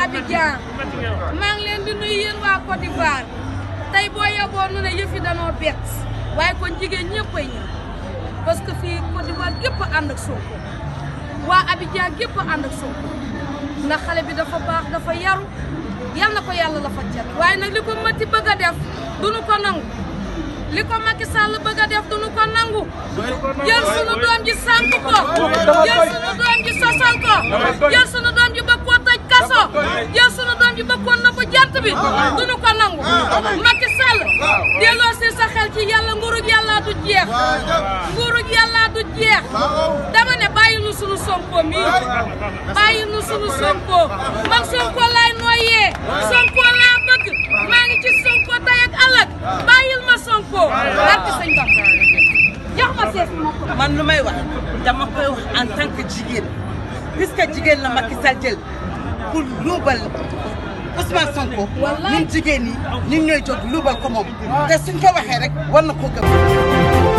Abidjan maa ngi leen di nuyu waa Côte tey boo yeboo ne yëf danoo bett waaye kon jigéen ñëpp a ñëw parce que fii Côte d'Ivoire gépp ànd ak Sonko waa Abidjan gépp ànd ak Sonko ndax xale bi dafa baax dafa yaru yal na ko yàlla la fa waaye nag li ko mati bëgg a def duñu ko nangu li ko Macky bëgg a def duñu ko nangu jël sunu doom ji sànq ko jël sunu doom ji sosal ko ji na ko jant bi ah, ah. duñu ko nangu ah, Macky Sall sa xel ci yàlla nguurug yàlla du jeex nguurug yàlla du jeex dama ne bàyyi nu sunu Sonko mi bàyyi nu sunu Sonko man Sonko laay Sonko laa bëgg maa ngi ci Sonko tey ak bàyyil ma Sonko barki sëñ ba jox ma sees man lu may wax dama koy wax en tant jigéen puisque jigéen la Macky jël pour luubal Ousmane Sonko ñun jigéen ñi ñun ñooy jóg luubal ko moom te suñ ko waxee rek war na ko gëm.